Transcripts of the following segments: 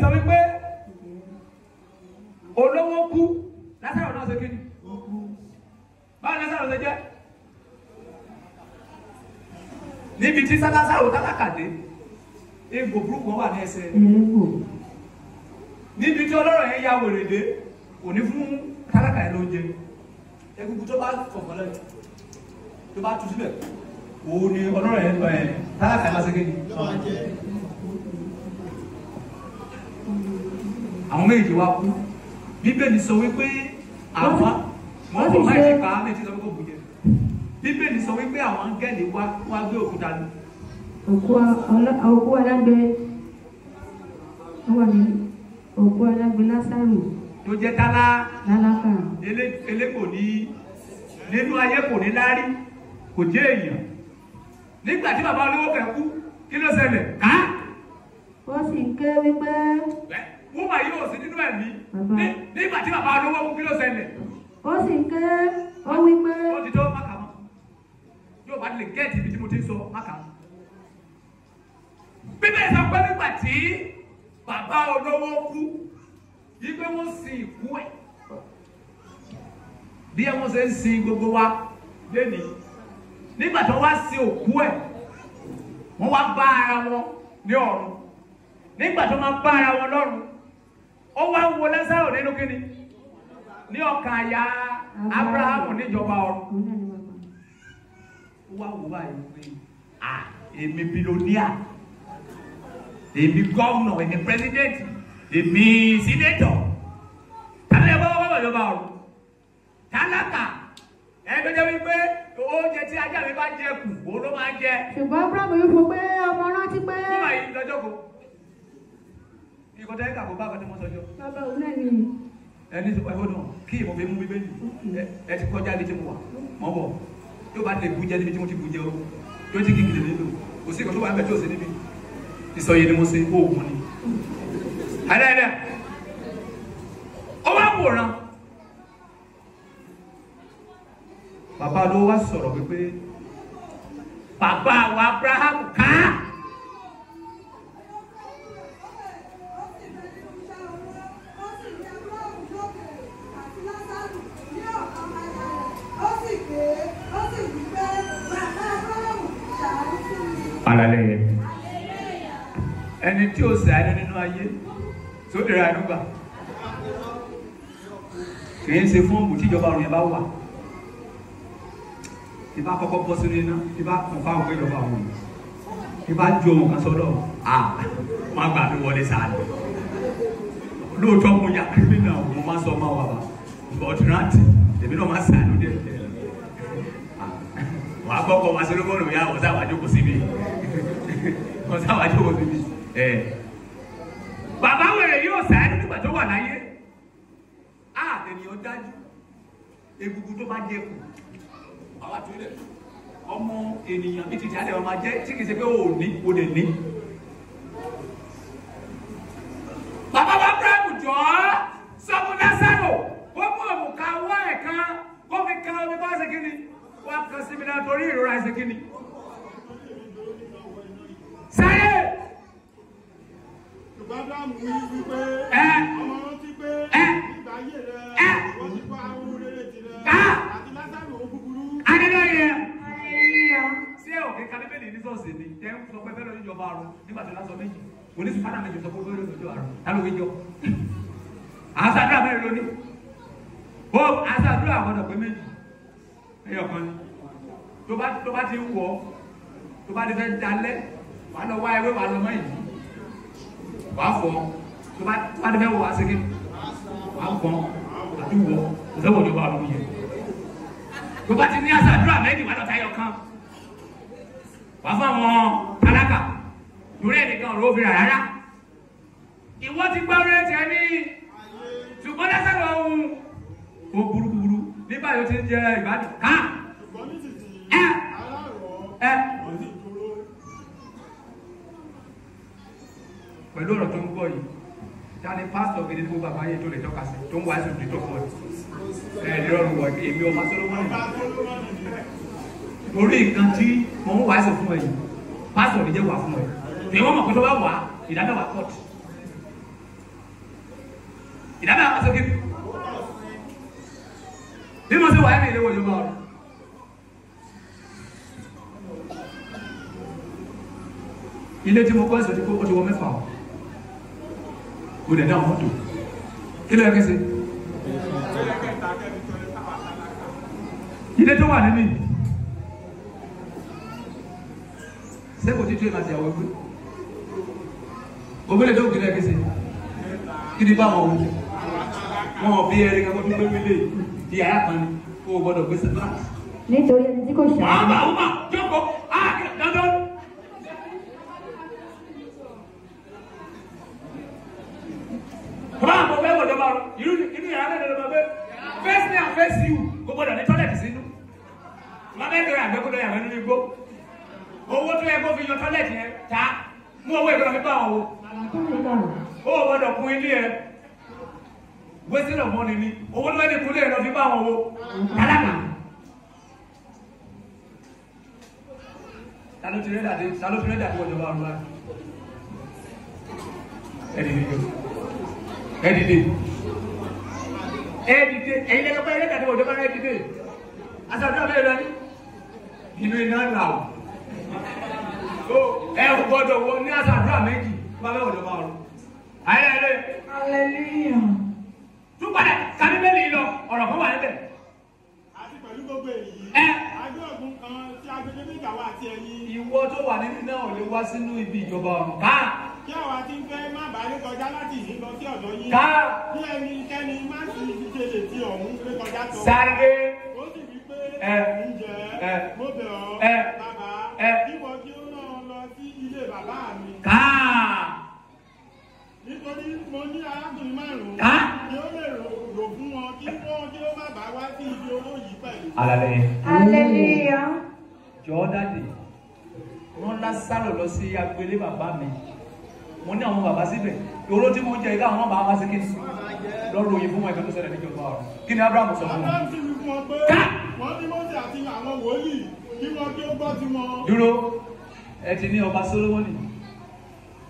sọ wípé olówó kú lásàrò náà ṣe kíni báwo lásàrò ṣe jẹ́ níbi tí lásàrò tálákàdé egbò burúkú wà ní ẹsẹ̀ níbi tí ọlọ́rọ̀ yẹn ya wèrè kò ní fún tálákà yẹn lóúnjẹ egungun tó bá kọ̀ọ̀kan lẹ́yìn tó bá tu síbẹ̀ òun ni ọlọ́rọ̀ yẹn tálákà yẹn máa ṣe kíni. àwọn méjì wá kú bíbélì sọ wípé àwa wọn kò má ìṣe pàá méjì sọ pé kò bù jẹ bíbélì sọ wípé àwọn áńgẹ́lì wá wá gbé òkúta lù. òkú alágbe wọ́n ní òkú alágbe lásàrò. tó jẹ́ tálá lálákà elé kò ní nínú ayé kò ní lárí kò jẹ́ èèyàn nígbà tí bàbá olówó kẹ̀ kú kí ló ṣẹlẹ̀ ká. wọ́n sì ń ké wípé wọ́n wà yóò sí nínú ẹ̀mí nígbà tí bàbá olówó kú kí ló ṣẹlẹ̀. ó sì ń ké ó wí pé. ó ti tó máka mọ yóò bá lè gẹ́ẹ̀tì ibi tí mo ti ń sọ máka mọ. bíbélì sọ pé nígbà tí bàbá olówó kú yìí pé wọ́n sin ìkú ẹ̀ bí ẹ wọ́n ṣe ń sin gbogbo wa lénìí nígbà tó wá sin òkú ẹ̀ wọ́n wá bá ara wọn ní ọ̀run nígbà tó máa bá ara wọn lọ́run ó wá ń wo lásàrò nínú kíni ní ọkàn àyà abrahamu níjọba ọ̀run wá wò báyìí pé à èmi bilonia èmi gómìnà èmi pírẹsidẹ́ǹtì èmi sínétọ̀ tàbí ẹ bá wọ́n wọ́n ìjọba ọ̀run tálákà ẹgbẹ́jọ́ wípé oúnjẹ tí ajá mi bá jẹ kù òun ló máa jẹ. ṣùgbọ́n abrahamu yóò fọ pé ọmọ rántí pé. fún àyè ìdájọ́ kan ìkọ́ tẹ́ kà kó bá àkàtúmọ̀ sọ́jọ́. bàbá òun náà ni. ẹni sọ ẹ eh, fọdún kí ìmọ̀ fi mú bíbẹ́ ni ẹ mm-hmm. eh, eh, ti kọjá létí mu wa mọ̀ bọ̀ yóò bá lè bu jẹ́ níbi tí mo ti bu jẹ́ o yóò ti kíkiri nílò kò sí ìkọ́ tó wà ń bẹ̀ tí ò sí níbi ìsọyẹ ni mo ṣe oògùn ni. àdáyàdá ọwọ́ àwòrán bàbá ló wá sọ̀rọ̀ pé bàbá wa Abrahamu ká. Hallelujah. Ẹni tí ó ṣe àánú nínú ayé tó lè ra àánú gbà. Kì í ṣe fóònù tíjọba ọ̀run yẹn bá wà. Ìbá kọ́kọ́ bọ́ sínú iná, ìbá kàn fáwọn pé ìjọba ọ̀run yìí. Ìbá ju ohun kan sọ́dọ̀, à má gbà mí wọlé sáàlì. Lóòótọ́ mo yà kí nínú àwọn ọmọ máa sọ ọmọ wa bá. Bọ̀dúrántì, èmi náà máa ṣàánú dé wà á kọ́kọ́ wá sórí fóònù yá wọ́n sábà jókòó síbi wọ́n sábà jókòó síbi ẹ̀. bàbá wèrè yóò sáré nígbà tó wà láyé á ènìyàn dájú egungun tó bá jẹ kù ọmọ ènìyàn bíi tìjálẹ̀ ọmọ ajẹ́ tí kì í ṣe pé òní òdè ní. kan sí mi náà torí ìrora ẹsẹ̀ kí ni. sáré. yorùbá dáàmú adédọ́yẹ. ṣé òkè kanibẹ́lì ní sọ́ọ̀sì ni tẹ́ ń sọ pé fẹ́ lọ́ọ́ níjọba àrùn nígbà tó lásán méjì mo ní sùpàdà méjì sọ pé fẹ́ lọ́ọ́ níjọba àrùn táwọn ìjọ àṣàdúrà mẹ́rin lónìí ó àṣàdúrà àwọn ọ̀dọ̀ pé méjì ẹ̀yọ̀ ni tó bá ti ń wọ̀ tó bá ti fẹ́ dalẹ̀ wàá lọ wá ewé wàá lọ mọ́ ìdí wàá fọ̀ tó bá tó bá ti fẹ́ wọ̀ wàá segin wàá fọ̀ àti wọ̀ tó fẹ́ wọ̀ ìjọba àlùkò tó bá ti ní àṣàdúrà méjì wàá lọ tayọ kan wàá fún àwọn tálákà lórí ẹnìkan ọ̀rọ̀ òfin rárá ìwọ ti gbọ́ rẹ tiẹ̀ ní ṣùgbọ́n lẹ́sẹ̀ lọ́hùn ó burúkú burú ní báyìí ti ń jẹ ìbádùn pẹ̀lú ọ̀rọ̀ tó ń gbọ́ yìí tani pásítọ̀ gidi gbogbo àbáyé tó lè tọ́ka sí tó ń wá sí òdìtọ̀ fún ẹ ẹ lọ́rùn wọ̀ èmi ọmọ sọlọ́mọ́nì orí nǹkan tí mo ń wá sí fún ẹ yìí pásítọ̀ mi jẹ́ wà fún ẹ èmi wọ́n mọ̀ pé tó bá wà ìdámẹ́wàá kọ́ọ̀tù ìdámẹ́wàá kọ́ọ̀tù bí mo ṣe wà ẹ́ mi ìléwọ̀ yóò ọ̀rọ̀. ilé tí mo kọ́ ẹ̀sìn ti kó ó ti wọ mẹ́fà o mo dẹ̀ dá àwọn mọ́tò kí ló yẹ kí n ṣe. ilé tó wà níbí ṣé kò ti tó ìmọ̀ àtìyàwó gbé obìnrin tó kù kí ló yẹ kí n ṣe kí ni bá wọn wò wọn ò bí ẹrí face you kò gbọdọ̀ ní tọ́lẹ̀tì sínú lọ́dẹ̀dọ̀ yà gbẹ́gbọ́dọ̀ yà mẹ́nu igbó owó tó yẹ kó fi yan tọ́lẹ̀tì yẹn ta mú owó ìgbọ́dọ̀ fi bá wọn o ó gbọdọ̀ kun ilé yẹn wẹ́sẹ̀ lọ mọ́ni ni owó ló mẹ́ni kun ilé yẹn lọ fi bá wọn o tálákà. ta ló ti rẹ́ dàdé ta ló fi rẹ́ dàdé wọ́n jọba ọ̀run láti ẹ̀ẹ́dìde ẹ̀yin lẹ́nu pẹ́ lẹ́tà tó wọ́n dọ́gba ẹ̀ẹ́dìde asàtú abẹ́rẹ́ lọ ní inú iná là ó so wọ ní asàtú àmẹ́jì bá bẹ́ẹ̀ wọ́n dọ́gba ọ̀run ayé ẹ pẹ̀lú gbogbo kan ìwọ tó wà nínú náà lè wá sínú ibi ìjọba ọ̀run kí àwa ti fẹ́ má bàa rí kọjá láti yìí lọ sí ọ̀dọ̀ yín. ká kí ẹni kẹ́ni má sì fi ṣe lè ti ọ̀hún rí kọjá tọ̀. sáré. ó sì wí pé ǹjẹ́ mo bẹ̀ ọ́ bàbá ìwọ kí ó rán lọ sí ilé bàbá mi. ká. nítorí mo ní arákùnrin márùn-ún. ká. kí ó lè rò fún wọn kí wọ́n kí ó má bàa wá sí ibi owó yìí pẹ̀lú. alẹ́ alẹ́ ni jọ̀ọ́ dáàdì wọ́n lásàrò lọ sí agbélé bàbá mi mo ní àwọn bàbá síbẹ̀ ìwòrò tí mo jẹ ìdá àwọn bàbá bá sékè sí lọ́rọ̀ òyìnbó wọn ìfẹ́ tó ṣẹlẹ̀ níjọba ọ̀rọ̀ kí ni Abraham sọ fún wọn. wọ́n ní mọ́tì àti àwọn wòlíì kí wọ́n kí ó gbọ́ ti wọn. dúró ẹ ti ní ọba Solomoni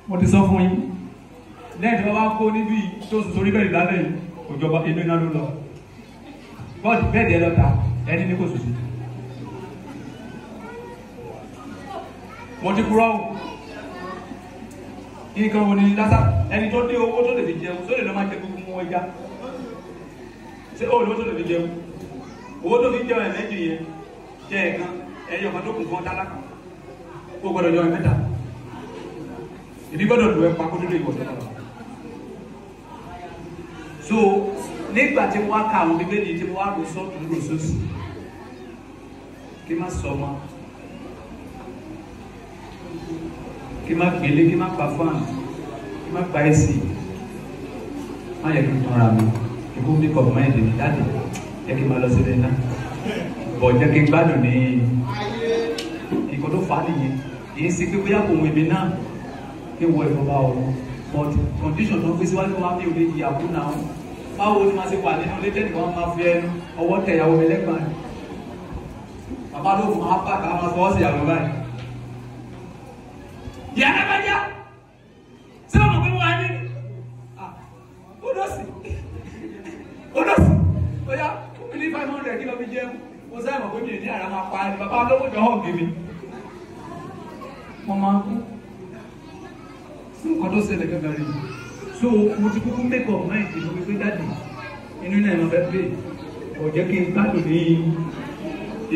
mo ti sọ fún yín lẹ́yìn tí wọ́n bá kó níbí tó sùn sórí bẹ́ẹ̀ lálẹ́ yìí kò inú iná ló lọ bọ́ọ̀dì bẹ́ẹ̀ dẹ́ lọ́ta ẹni nǹkan ò ni lásà ẹni tó ní owó tó lè fi jẹun tó lè lọ́ máa jẹ gbogbo wọn ya ṣé ó lówó tó lè fi jẹun owó tó fi jẹun ẹ̀mẹ́jì yẹn jẹ ẹ̀kan ẹ̀yọ kan tó kù fún ọ̀tá lákàn ó gbọ́dọ̀ jẹun ẹ̀mẹ́ta ìdí gbọ́dọ̀ lù ẹ́ pa kó tó lè wọ̀ tẹ́lẹ̀ so nígbà tí wọ́n á ka àwọn bíbélì tí wọ́n á rò sọ́ọ̀tún rò sósì kí má sọ ọmọ. kí má gbélé kí má pa fan kí má pa ẹsì má yẹ kí n tọ́ra mi ìkú mi kọ̀ máa ń lè mi dáàdì yẹ kí n máa lọ sílé náà bọ̀ jẹ́ kí n gbádùn ní ìkọ́ tó fà á nìyẹn kì í sí pé bóyá kò wọ èmi náà kí wọ ìfọba ọ̀run but condition tó ń fi síwájú wa mi ò lè yàgò náà báwo ni màá ṣe wà nínú ilé tẹ́lẹ̀ wọn máa fi ẹnu ọwọ́ tẹ̀yàwó mi lẹ́gbàá bàbá ló fún apá kan máa fọwọ́ sí ìyàwó báyìí yà á bá yá ṣé o mọ̀ pé wọ́n á ní ah, ó lọ sí ó lọ sí ó yá ó ní five hundred kí ló fi jẹun mo sáré mọ̀ pé mi ò ní àrà máa pa ẹni bàbá olówó jọ hàn gbèmí mo máa kú sí nǹkan tó ṣẹlẹ̀ gẹ́gẹ́ so mo ti kúkú make up mind mi wípé dáàdì inú náà ló fẹ́ pè kò jẹ́ kí n gbádùn ní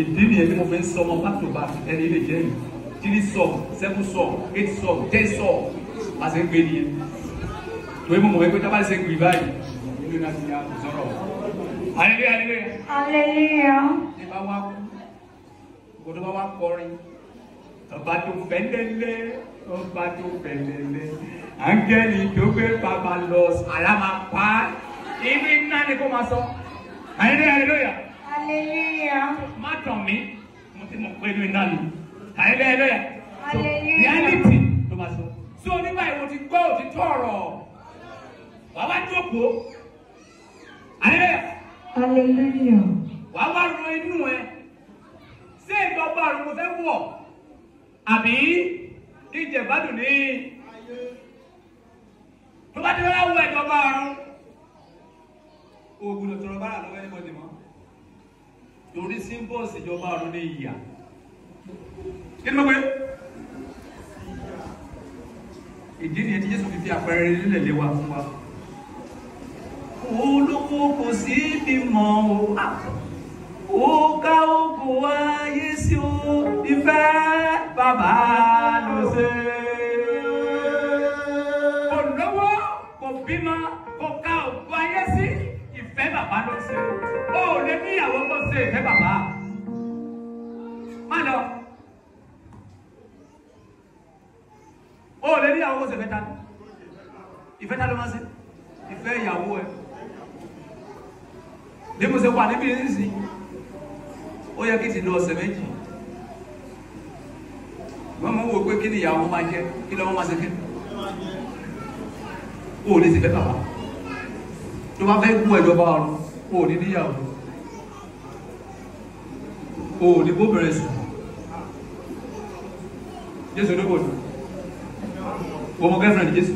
ìdí nìyẹn tí mo fi ń sọmọ back to back ẹni ilé jẹ́ yìí three song seven song eight song ten song a ṣe ń gbé nìyẹn torí mo mọ̀ wípé tábà ṣe ń gbé báyìí nínú náà ti yá sọ̀rọ̀ aleluya aleluya. aleluya. ní bá wá kú gbọdọ̀ bá wá kọrin tó fẹ́lẹ́lẹ́ ọba tó fẹ́lẹ́lẹ́ áńgẹ́lì tó gbé bàbá lọ pa ibi náà ni kò máa sọ aleluya aleluya. aleluya. má tàn mí mo ti mọ̀ pé inú àyẹ̀bẹ̀ ẹ̀bẹ̀ bàbá ló ṣe. kò lówó kò bímọ kò ka òkú ayé sí ìfẹ́ bàbá ló ṣe. o ò lè níyàwó kó ṣe ìfẹ́ bàbá. má lọ. o ò lè níyàwó kó ṣe ìfẹ́ ta ìfẹ́ ta ló máa ṣe ìfẹ́ ìyàwó ẹ bí mo ṣe wà níbi nísìnyí ó yẹ kí ti lo ọ̀sẹ̀ méjì. ìyá wọn máa jẹ kí lọ́wọ́ máa ṣe kí o ò lè ṣe fẹ́ bàbá tó bá fẹ́ kú ẹ̀dọ̀ bá ọ̀run o ò ní níyàwó o ò ní bó bẹ̀rẹ̀ sùn Jésù ní kò dùn wọ́n mọ gẹ́fẹ̀rẹ̀ ní Jésù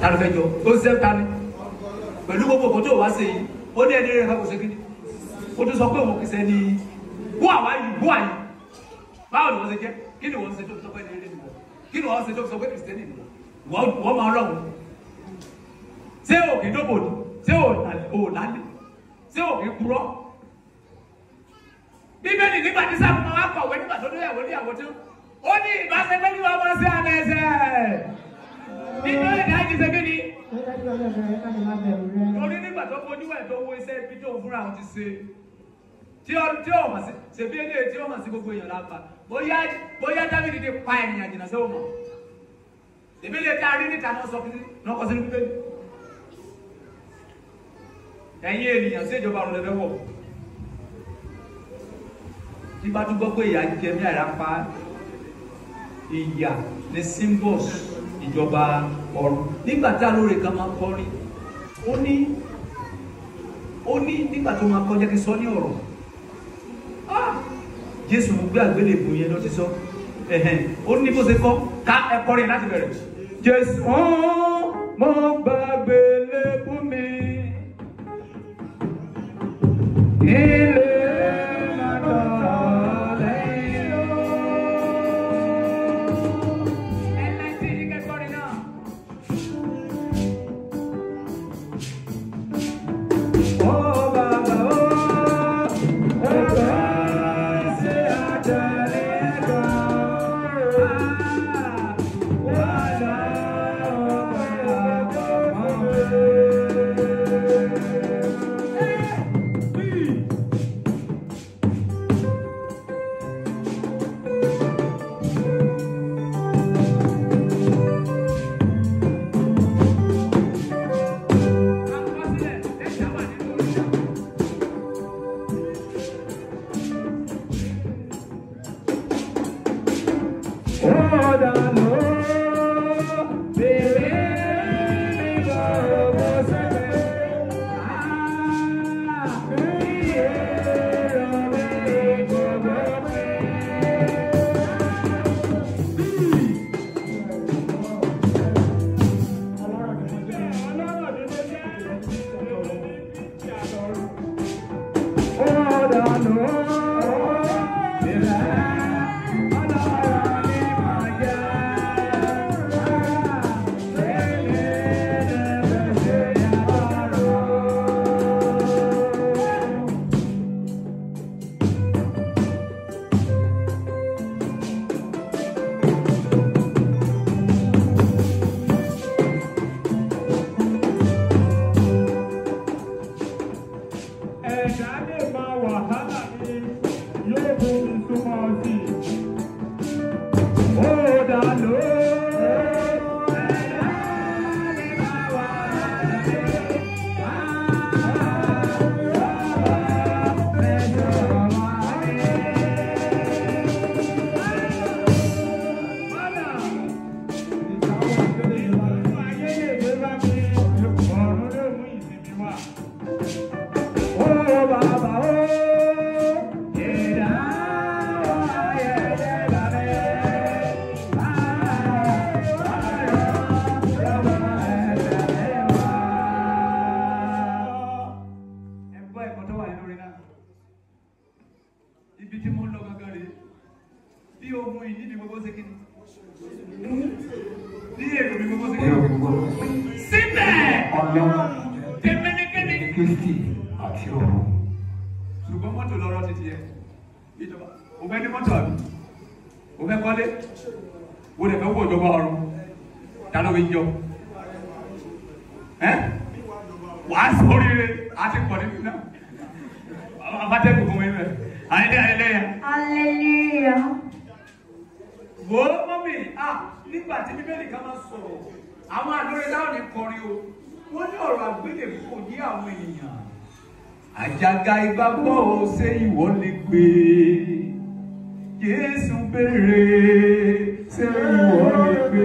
tani fẹ́ jọ ń sẹ́ tani pẹ̀lú gbogbo kò tó wá sí i ó ní ẹni rẹ̀ kò ṣe kí ni ó tún sọ pé òun kìí sẹ́ni bú àwa yìí bú àyè báwo ni wọ́n ṣe jẹ́ kí ni wọ́n ṣe tó sọ pé ní eré nìkan kí ni wọ́n ṣe tó sọ pé kìrìsìtẹ́nì nìkan wọ́n máa rọ̀ wọ́n ṣé òkè dóbò ni ṣé òlàlẹ̀ ṣé òkè kúrọ́ bíbélì nígbà tí sáà máa kọ̀wé nígbà tó lóyàwó níyàwó tó ó ní ìbáṣepẹ́ ní wọ́n máa ṣe àlẹ́ ẹsẹ̀ nítorí náà ti ṣe kí ni. torí nígbà tó fojú ẹ̀ tó wo iṣẹ́ ibi tó ń fúnra òun ti ṣe tí ọ tí ọ mọ̀ sí ṣèbí eléyìí tí ọ mọ̀ sí gbogbo èèyàn lápá bóyá bóyá dábìlì ti pa ènìyàn jìnnà sí òmò ṣèbí eléyìí tí a rí níta náà sọ fún náà kọ sínú bíbélì ẹ̀yin ènìyàn sí ìjọba ọ̀rọ̀ lẹ́fẹ̀ wọ̀ tí bá tún gbọ́ pé ìyà jẹ mí àìrá pa ìyà ní symbols ìjọba ọ̀run nígbà tá a lóore kan máa kọrin ó ní ó ní nígbà tó máa kọjá kí sọ ní ọ̀rọ̀ jésù gbé àgbélébù yẹn lọ sí sọ ó ní bó ṣe kọ́ ká ẹ kọrin láti bẹ̀rẹ̀ jésù mo gbàgbélébù mi. síbẹ̀ tẹmẹnẹkẹni kristi àti ọ̀run. ṣùgbọ́n mọ́tò lọ́rọ́ ti tiẹ̀ ìjọba òfẹ́ ní mọ́tò àbí òfẹ́ kọ́lé wo lè fẹ́ wọ ìjọba ọ̀run dáná wí jọ wàá sóríire àti pọ̀ níbi náà àbátẹ́kùn fún mi rẹ̀ àyẹ̀dẹ́ àyẹ̀dẹ́ yẹn. hallelujah wò ó mọ́mì à nígbà tí bíbélì kan máa sọ̀rọ̀ àwọn àlórí láwọn ní kọrin o wọ́n ní ọ̀rọ̀ àgbélé kò ní àwọn èèyàn àjàgà ìgbàgbọ́ ò ṣe ìwọ lè pè Jésù béèrè ṣe ìwọ lè pè.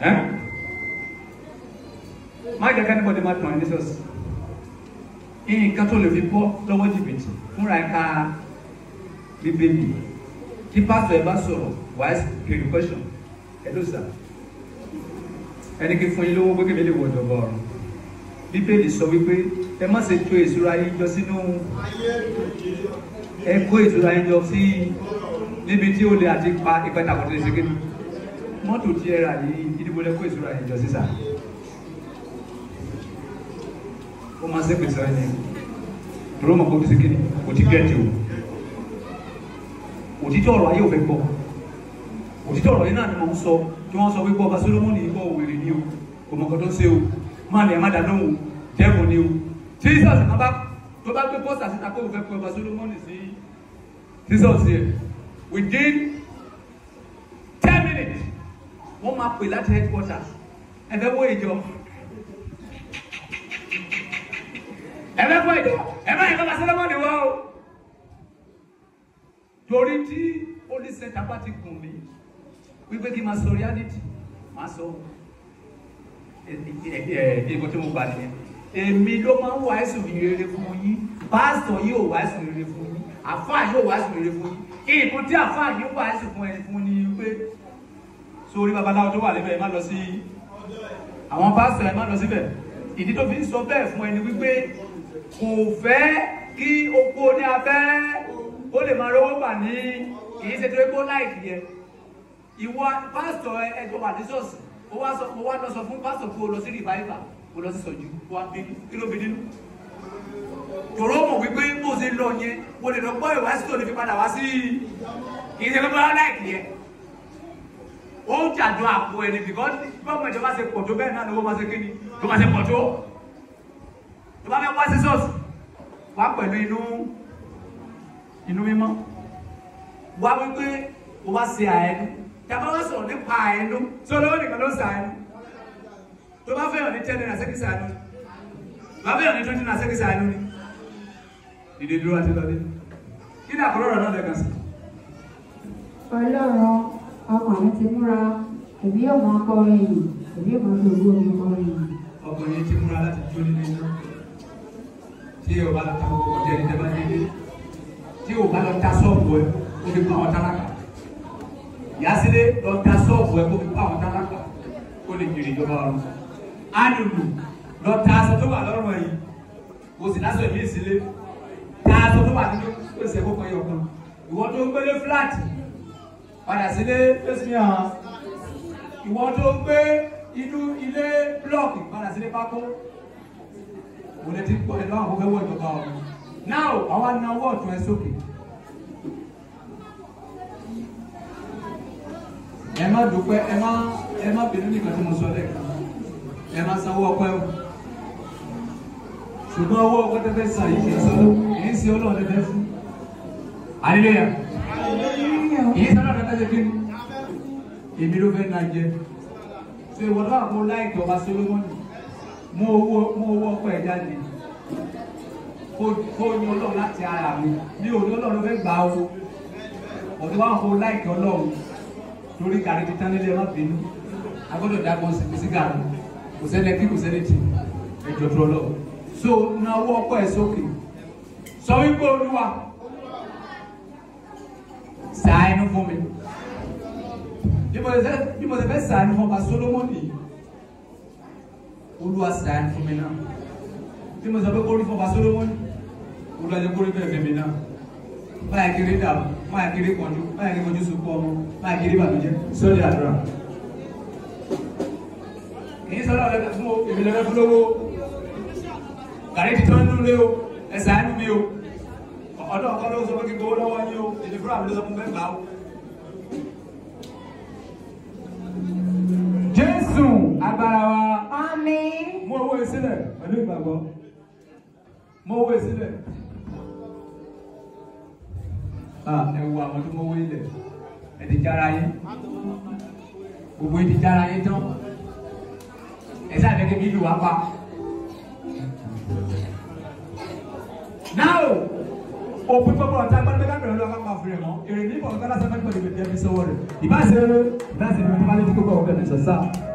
Eh? má jẹ́ kẹ́nìbọ̀dé má tàn ní sọ́ọ̀sì nǹkan tó lè fi bọ́ lọ́wọ́ jìbìtì fúnra ẹ̀ka bíbélì kí pásítọ̀ ẹ̀ bá sọ̀rọ̀ wà á kiri question ẹ̀ló sà ẹni kí fún yín lówó gbégé mi lè wọ̀ ọ̀dọ̀gbọ̀ ọ̀run bíbélì sọ wípé ẹ má ṣe tó ìṣúra yín jọ sínú ẹ kó ìṣúra yín jọ sí níbi tí ó lè àti pa ìpẹ́tàkùn tó lè ṣe kéde mọ́tò tí ẹ rà yìí ìdíbò lẹ́kọ́ ìṣúra ìjọ sísà ó máa ṣe pèsè ẹni tòró mọ̀ kó ti ṣe kíni kò ti gẹ̀ẹ́tì o òtítọ́ ọ̀rọ̀ ayé ò fẹ́ gbọ́ òtítọ́ ọ̀rọ̀ yìí náà ni mò ń sọ tí wọ́n sọ pé bọ́ọ̀ba Solomoni yìí bọ́ọ̀ wèrè ni o kò mọ̀ kan tó ń ṣe o máa ní ẹ̀ má dáná o dẹ́kun ni o Jesus náà bá tó bá gbé bọ́ọ̀sì àti takò fẹ́ pé ọba Solomoni sí Jesus yẹ within ten minutes wọ́n máa pè láti headquarters ẹ fẹ́ wó ìjọ ẹ fẹ́ wó ìjọ ẹ má yẹ kọ́ba sẹ́lẹ̀mọ́nì wá o torí tí oníṣẹ́ta bá ti gùn mí wípé kí n máa sọ reality máa sọ ẹ̀ẹ́dẹ́gbọ́n tí mo gbà nìyẹn èmi ló máa ń wàásù ìrere fún yín pásítọ̀ yóò wàásù ìrere fún yín àfáà yóò wàásù ìrere fún yín nǹkan tí àfáà yóò wàásù fún ẹ fún ni pé so orí babaláwo tó wà lẹ́bẹ̀ ẹ má lọ sí àwọn pásítọ̀ ẹ má lọ síbẹ̀ ìdí tó fi ń sọ bẹ́ẹ̀ fún ẹni wípé kò fẹ́ kí oko ní abẹ́rẹ́ ó lè máa rówó gbà ní kì í ṣe tó kó láìkì yẹ ìwọ pásítọ̀ ẹjọ́ wà ní ṣọ́ọ̀ṣì ó wá sọ wá lọ sọ fún pásítọ̀ kó o lọ sí rìbáìbà kó o lọ sí sọ̀jú kó wá bínú kí ló bí nínú tòró mọ̀ wípé bó ṣe lọ yẹn mo lè lọ gbọ́ ìwásí tó lè fi padà wá sí kì í ṣe pé bọ́lá láìkì yẹn ó ń jàdó àpò ẹni because bọ́ọ̀mù ìjọba ṣe pọ̀ tó bẹ́ẹ̀ náà lówó máa ṣe kíni tó máa ṣe pọ̀ tó tó bá fẹ́ wá sí ṣọ́ọ̀ṣì wá pẹ̀lú inú inú mímọ́ wá wípé ó wá ṣe àẹnu tàbá wá sọ̀rọ̀ nípa àẹnu tó lówó nìkan ló ṣe àẹnu tó bá fẹ́yàn ní ten naira ṣẹ́kì ṣàánú ni bá fẹ́yàn ní twenty naira ṣẹ́kì ṣàánú ni dìde dúró àti lọlé kí ni àkọ́rọ̀ náà lẹ́gàn sí. ọlọ́run ọkàn rẹ ti múra èmi yóò máa kọrin yìí èmi yóò máa fi òwú omi kọrin yìí. ọkùnrin yẹn ti múra láti jó nínú iná tí o bá lọ ta gbogbo ọjọ́ ẹni tẹ́ bá délé tí o bá lọ ta sọ́ọ̀bù ẹ kó fi pa àwọn tálákà yásílé lọ ta sọ́ọ̀bù ẹ kó fi pa àwọn tálákà kó lè jèrè ìjọba ọ̀run ánìlù lọ ta aṣọ tó wà lọ́rùn ẹ yìí kò sì lásọ ìlú ìsílé ta aṣọ tó wà nínú pèsè ẹ̀kọ́ kan yọ̀ kan ìwọ tó ń gbélé fúláàtì padà sílé fèsì mi hàn ìwọ tó ń gbé inú ilé blọọkì padà sílé pákó kò lè ti pọ̀ ẹ̀lọ́ àwọn ọ̀gbẹ́wọ̀ ìjọba ọ̀hún náà àwa na ọwọ́ ọ̀tún ẹ sókè ẹ má dúpẹ́ ẹ má ẹ má bínú nìkan tí mo sọ lẹ́ẹ̀kan ẹ má sanwó ọpẹ́ o ṣùgbọ́n owó ọpẹ́ tẹ́fẹ́ sàn yìí kì í sọ́dọ̀ kì í ṣe ọlọ́ọ̀dẹ́fẹ́ fún. Hallelujah kì í sọ́nà kankan ṣe kí ló fẹ́ na jẹ ṣe wọ́n náà mo láìkì ọba Solomoni mú owó mú owó ọkọ ẹ̀ jáde kó ní ọlọ́run láti ara mi mi ò ní ọlọ́run fẹ́ gbà o ọ̀dọ́ wa mo láìkì ọlọ́run lórí gàrí títán nílé ẹ̀ bínú agbọ́dọ̀ dàgbọ́n sí gàrí kò sẹ́ni kí kò sẹ́ni tì ẹ̀jọ̀ tó lọ so náwó ọkọ ẹ̀ sókè sọ wípé olúwa ṣàánú fún mi bí mo ti fẹ́ ṣàánú fún ọba Solomoni Olúwa ṣàánú fún mi náà bí mo ti fẹ́ kórí fún ọba Solomoni Olúwa ti kórí bẹ́ẹ̀ fún mi náà máa kiri dàbò máa kiri kọjú máa kiri kọjú sunkún ọmọ máa kiri bàbíjẹ sórí àdúrà èyí sọ́dọ̀ ọ̀rẹ́ fún èmi lọ́wọ́ fún lówó gàrí ti tán nínú lé o ẹ̀sán ló sọ pé kí gbowó lọ́wọ́ yín o èmi fúnra mi ló sọ fún bẹ́ẹ̀ gbà ó. Jésù agbára wa. Àmín. Mú owó yìí sílẹ̀ pẹ̀lú ìgbàgbọ́. Mú owó yìí sílẹ̀. Ẹ wo àwọn tó mówó ilẹ̀. Ẹ ti jára yín. Gbogbo ẹ ti jára yín tán. Ẹ Now o pín pọ́pọ́ ọ̀tá pẹ́ẹ́pẹ́ bẹ̀rẹ̀ lọ́wọ́ kápá fún rẹ̀ mọ́ èrè mi kọ̀ọ̀kan lásán pẹ́ẹ́pẹ́ ìgbẹ̀bí sọ́wọ́ rẹ̀ ìbáṣe ìbáṣe ìbáṣe ìbáṣe ìbáṣe ìbáṣe ìbáṣe ìbáṣe ìbáṣe